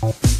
Bye.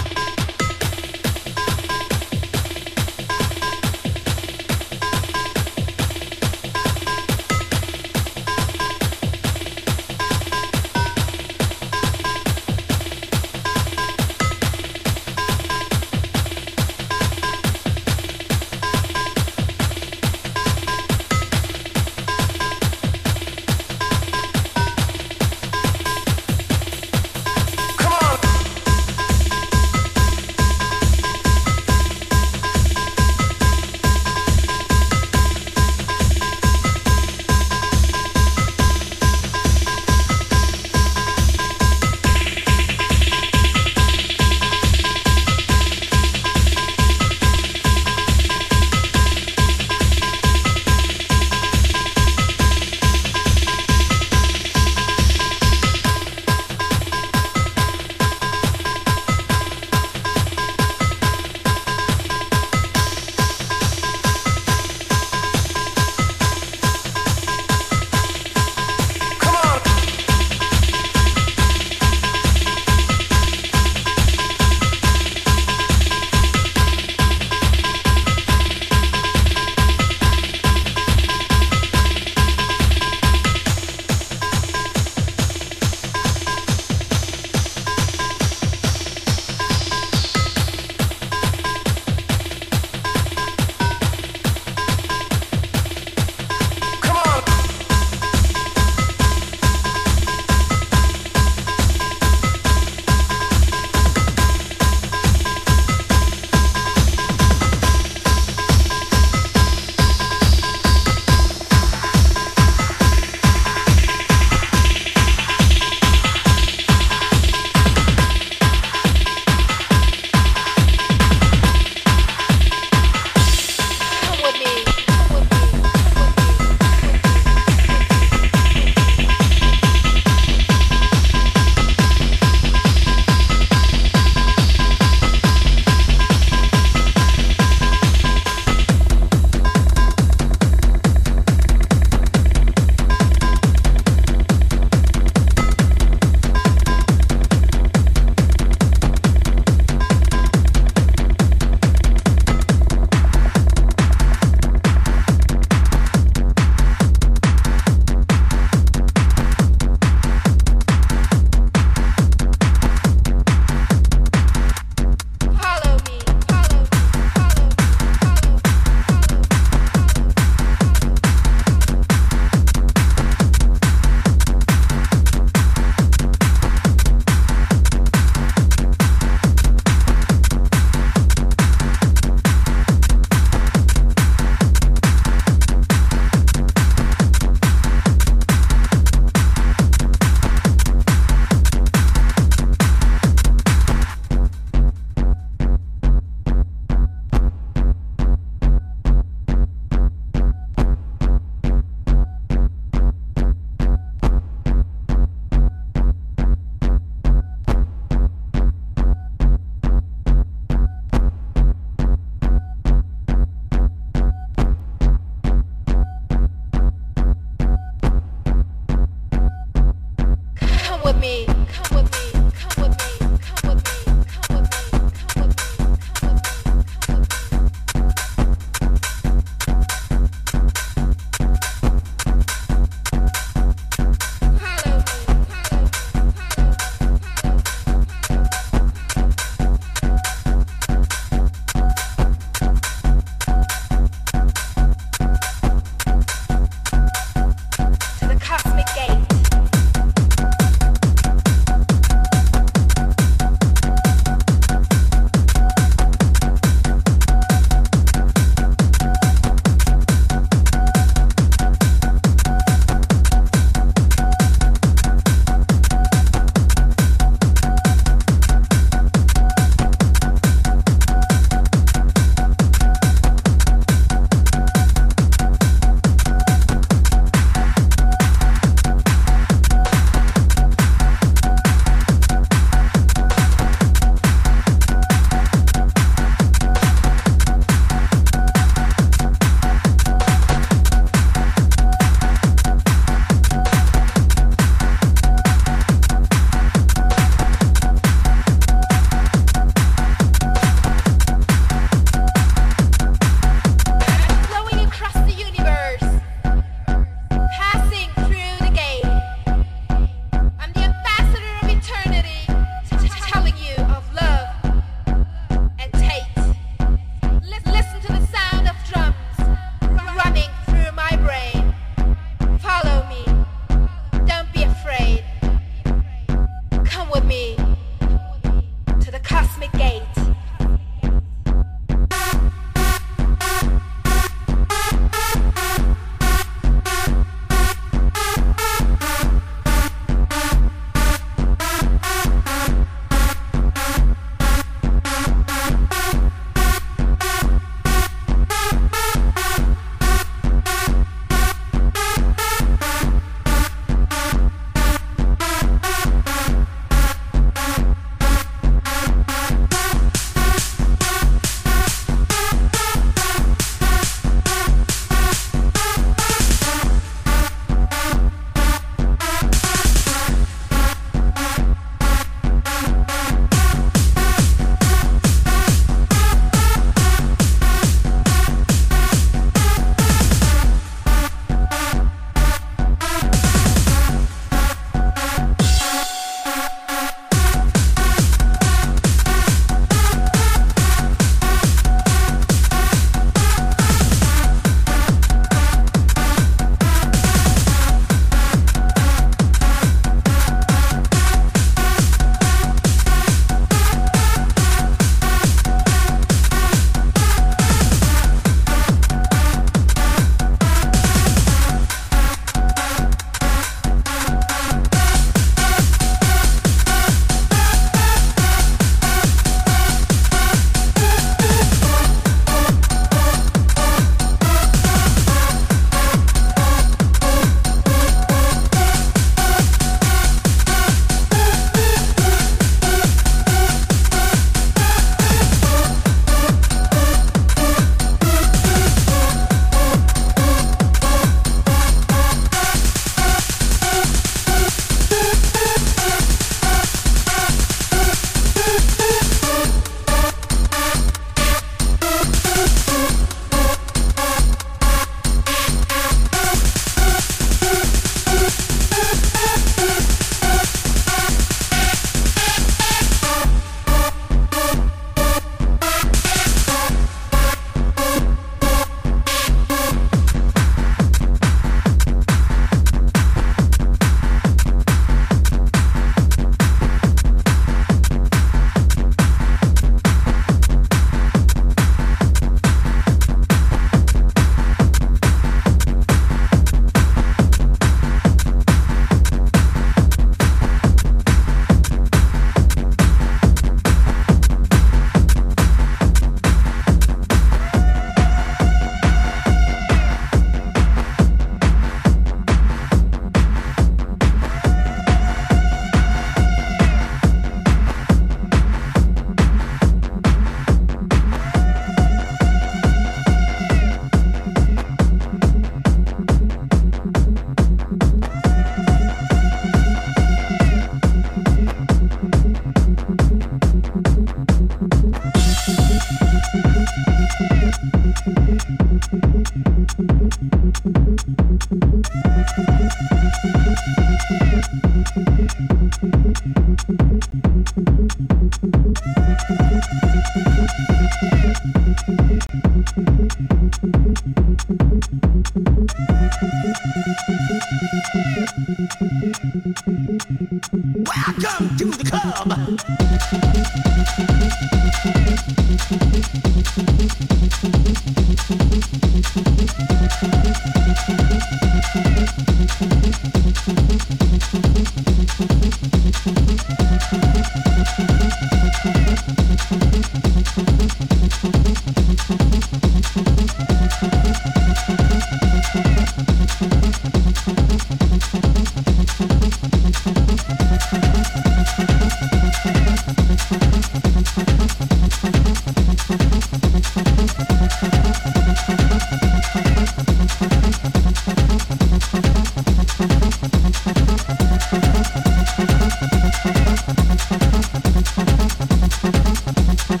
Gracias.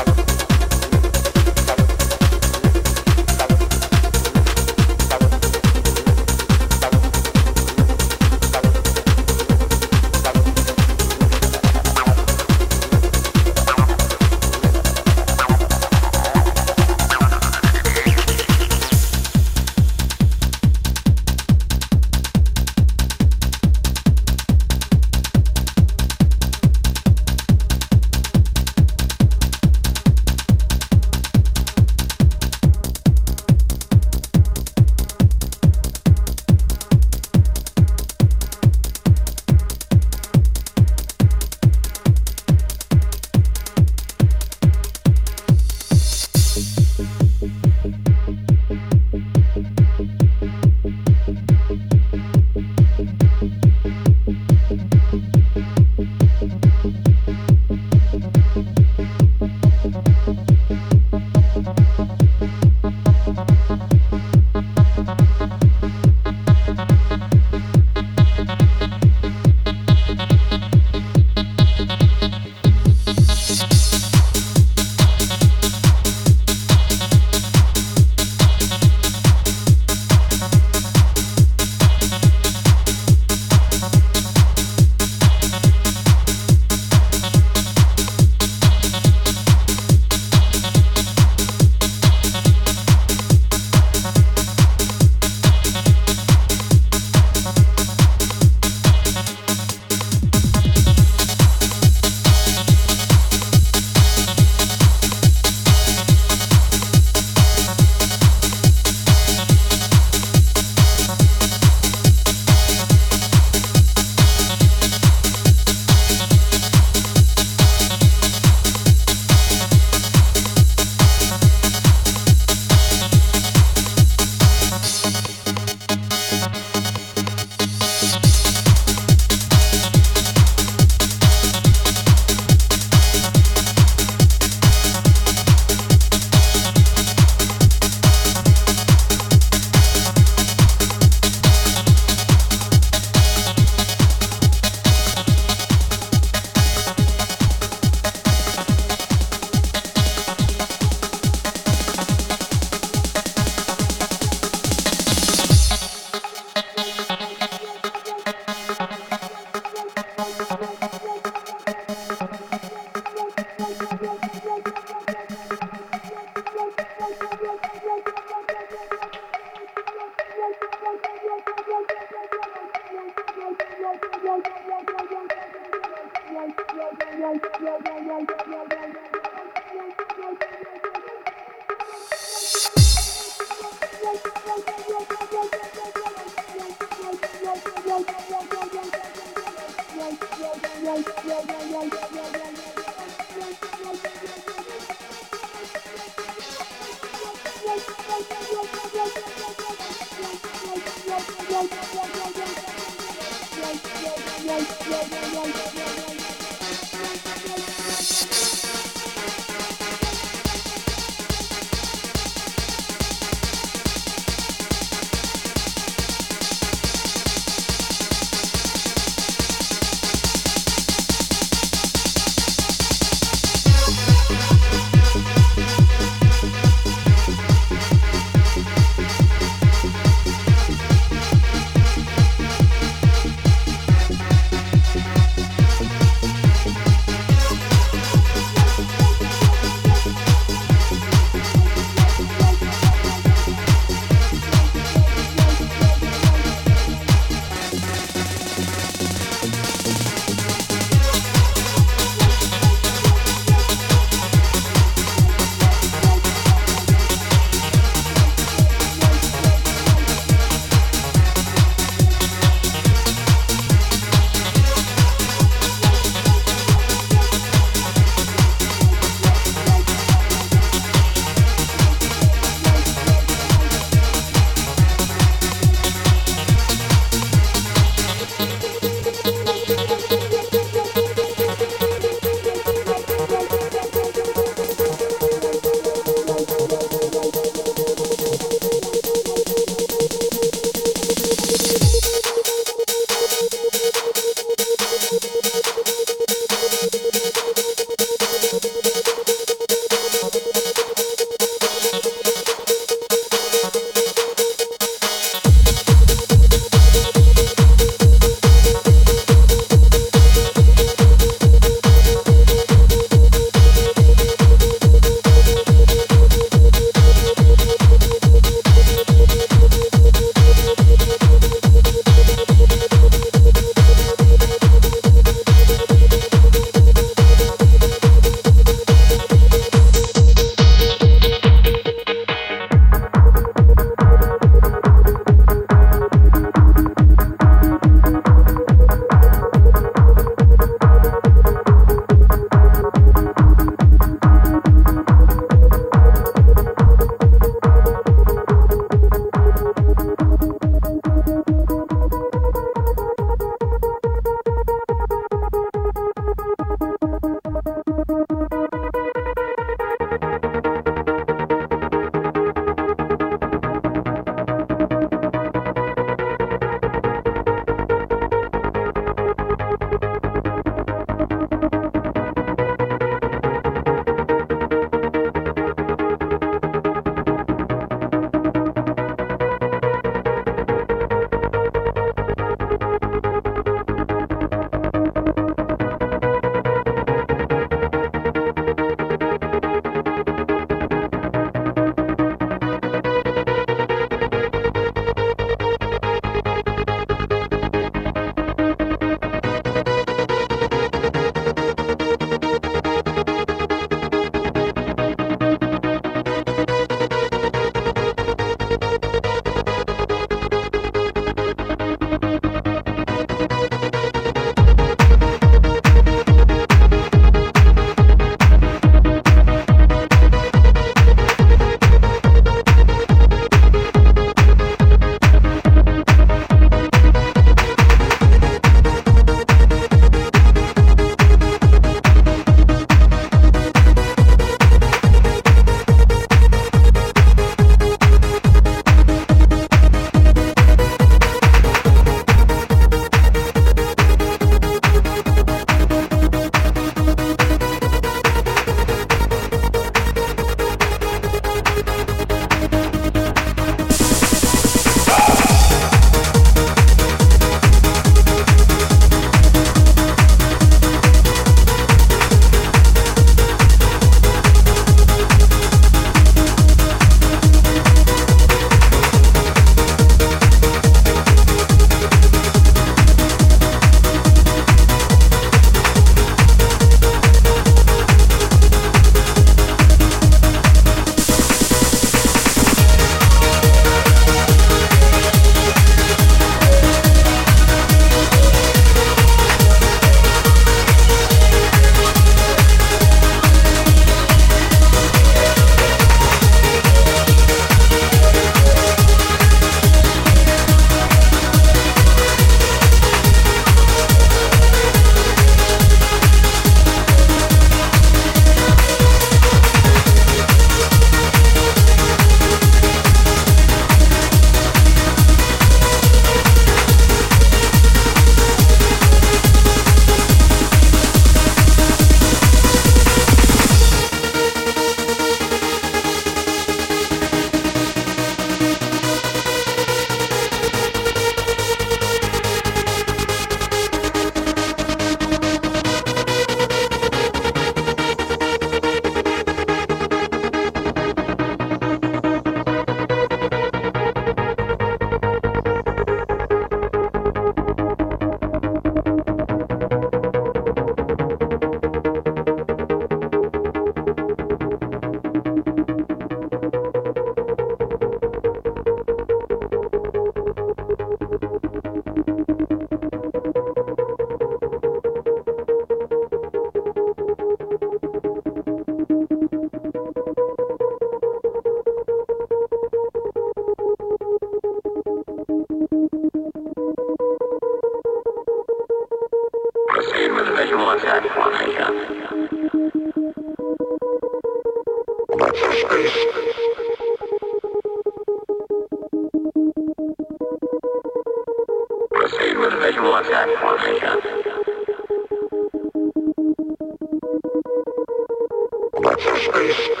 Hallelujah.